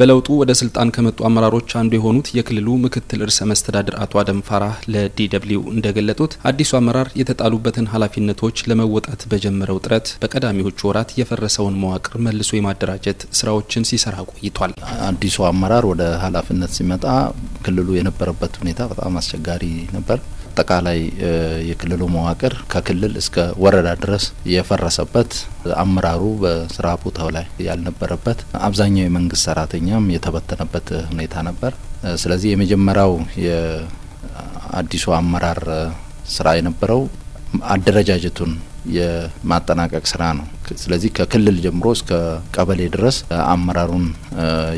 በለውጡ ወደ ስልጣን ከመጡ አመራሮች አንዱ የሆኑት የክልሉ ምክትል ርዕሰ መስተዳድር አቶ አደም ፋራህ ለዲደብሊው እንደገለጡት አዲሱ አመራር የተጣሉበትን ኃላፊነቶች ለመወጣት በጀመረው ጥረት በቀዳሚዎቹ ወራት የፈረሰውን መዋቅር መልሶ የማደራጀት ስራዎችን ሲሰራ ቆይቷል። አዲሱ አመራር ወደ ኃላፊነት ሲመጣ ክልሉ የነበረበት ሁኔታ በጣም አስቸጋሪ ነበር። አጠቃላይ የክልሉ መዋቅር ከክልል እስከ ወረዳ ድረስ የፈረሰበት አመራሩ በስራ ቦታው ላይ ያልነበረበት አብዛኛው የመንግስት ሰራተኛም የተበተነበት ሁኔታ ነበር። ስለዚህ የመጀመሪያው የአዲሱ አመራር ስራ የነበረው አደረጃጀቱን የማጠናቀቅ ስራ ነው። ስለዚህ ከክልል ጀምሮ እስከ ቀበሌ ድረስ አመራሩን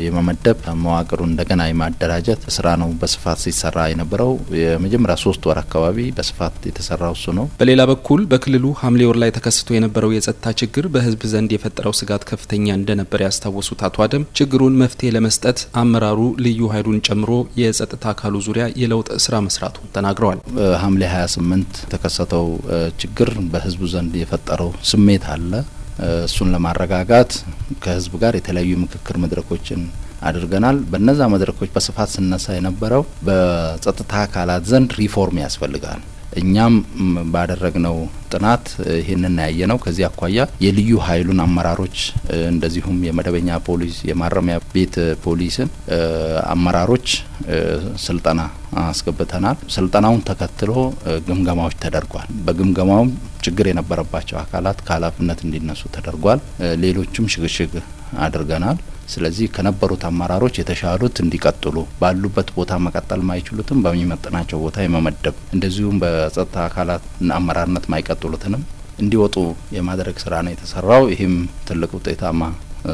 የመመደብ መዋቅሩን እንደገና የማደራጀት ስራ ነው በስፋት ሲሰራ የነበረው። የመጀመሪያ ሶስት ወር አካባቢ በስፋት የተሰራው እሱ ነው። በሌላ በኩል በክልሉ ሐምሌ ወር ላይ ተከስቶ የነበረው የጸጥታ ችግር በህዝብ ዘንድ የፈጠረው ስጋት ከፍተኛ እንደነበር ያስታወሱት አቶ አደም ችግሩን መፍትሄ ለመስጠት አመራሩ ልዩ ኃይሉን ጨምሮ የጸጥታ አካሉ ዙሪያ የለውጥ ስራ መስራቱን ተናግረዋል። ሐምሌ 28 የተከሰተው ችግር በህዝቡ ዘንድ የፈጠረው ስሜት አለ እሱን ለማረጋጋት ከህዝብ ጋር የተለያዩ ምክክር መድረኮችን አድርገናል። በነዛ መድረኮች በስፋት ስነሳ የነበረው በጸጥታ አካላት ዘንድ ሪፎርም ያስፈልጋል። እኛም ባደረግነው ጥናት ይህንን ያየ ነው። ከዚህ አኳያ የልዩ ኃይሉን አመራሮች እንደዚሁም የመደበኛ ፖሊስ፣ የማረሚያ ቤት ፖሊስን አመራሮች ስልጠና አስገብተናል። ስልጠናውን ተከትሎ ግምገማዎች ተደርጓል። በግምገማውም ችግር የነበረባቸው አካላት ከኃላፊነት እንዲነሱ ተደርጓል። ሌሎችም ሽግሽግ አድርገናል። ስለዚህ ከነበሩት አመራሮች የተሻሉት እንዲቀጥሉ ባሉበት ቦታ መቀጠል ማይችሉትም በሚመጥናቸው ቦታ የመመደብ እንደዚሁም በጸጥታ አካላት አመራርነት ማይቀጥሉትንም እንዲወጡ የማድረግ ስራ ነው የተሰራው። ይህም ትልቅ ውጤታማ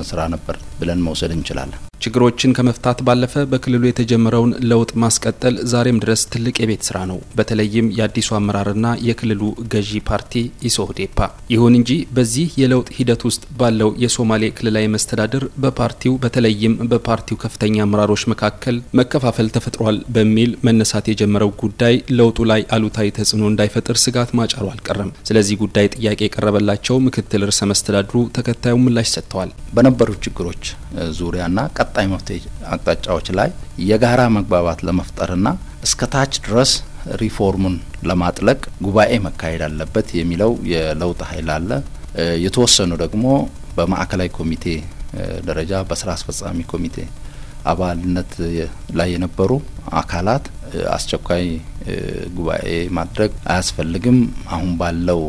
ስራ ነበር። ብለን መውሰድ እንችላለን። ችግሮችን ከመፍታት ባለፈ በክልሉ የተጀመረውን ለውጥ ማስቀጠል ዛሬም ድረስ ትልቅ የቤት ስራ ነው፣ በተለይም የአዲሱ አመራርና የክልሉ ገዢ ፓርቲ ኢሶህዴፓ። ይሁን እንጂ በዚህ የለውጥ ሂደት ውስጥ ባለው የሶማሌ ክልላዊ መስተዳድር በፓርቲው በተለይም በፓርቲው ከፍተኛ አመራሮች መካከል መከፋፈል ተፈጥሯል በሚል መነሳት የጀመረው ጉዳይ ለውጡ ላይ አሉታዊ ተጽዕኖ እንዳይፈጥር ስጋት ማጫሩ አልቀረም። ስለዚህ ጉዳይ ጥያቄ የቀረበላቸው ምክትል ርዕሰ መስተዳድሩ ተከታዩ ምላሽ ሰጥተዋል። በነበሩት ችግሮች ዙሪያና ቀጣይ መፍትሄ አቅጣጫዎች ላይ የጋራ መግባባት ለመፍጠርና እስከ ታች ድረስ ሪፎርሙን ለማጥለቅ ጉባኤ መካሄድ አለበት የሚለው የለውጥ ኃይል አለ። የተወሰኑ ደግሞ በማዕከላዊ ኮሚቴ ደረጃ በስራ አስፈጻሚ ኮሚቴ አባልነት ላይ የነበሩ አካላት አስቸኳይ ጉባኤ ማድረግ አያስፈልግም። አሁን ባለው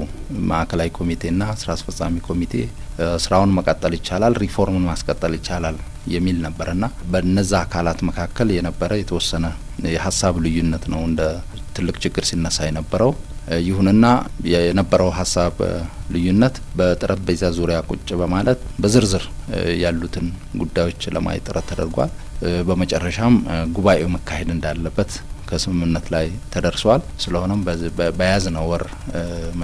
ማዕከላዊ ኮሚቴና ስራ አስፈጻሚ ኮሚቴ ስራውን መቀጠል ይቻላል፣ ሪፎርምን ማስቀጠል ይቻላል የሚል ነበርና በነዛ አካላት መካከል የነበረ የተወሰነ የሀሳብ ልዩነት ነው እንደ ትልቅ ችግር ሲነሳ የነበረው። ይሁንና የነበረው ሀሳብ ልዩነት በጠረጴዛ ዙሪያ ቁጭ በማለት በዝርዝር ያሉትን ጉዳዮች ለማየት ጥረት ተደርጓል። በመጨረሻም ጉባኤው መካሄድ እንዳለበት ከስምምነት ላይ ተደርሷል። ስለሆነም በያዝነው ወር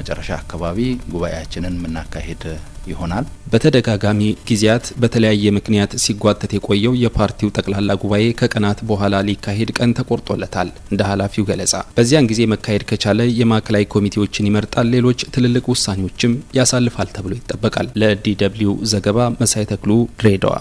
መጨረሻ አካባቢ ጉባኤያችንን የምናካሄድ ይሆናል። በተደጋጋሚ ጊዜያት በተለያየ ምክንያት ሲጓተት የቆየው የፓርቲው ጠቅላላ ጉባኤ ከቀናት በኋላ ሊካሄድ ቀን ተቆርጦለታል። እንደ ኃላፊው ገለጻ በዚያን ጊዜ መካሄድ ከቻለ የማዕከላዊ ኮሚቴዎችን ይመርጣል፣ ሌሎች ትልልቅ ውሳኔዎችም ያሳልፋል ተብሎ ይጠበቃል። ለዲ ደብልዩ ዘገባ መሳይ ተክሉ ድሬዳዋ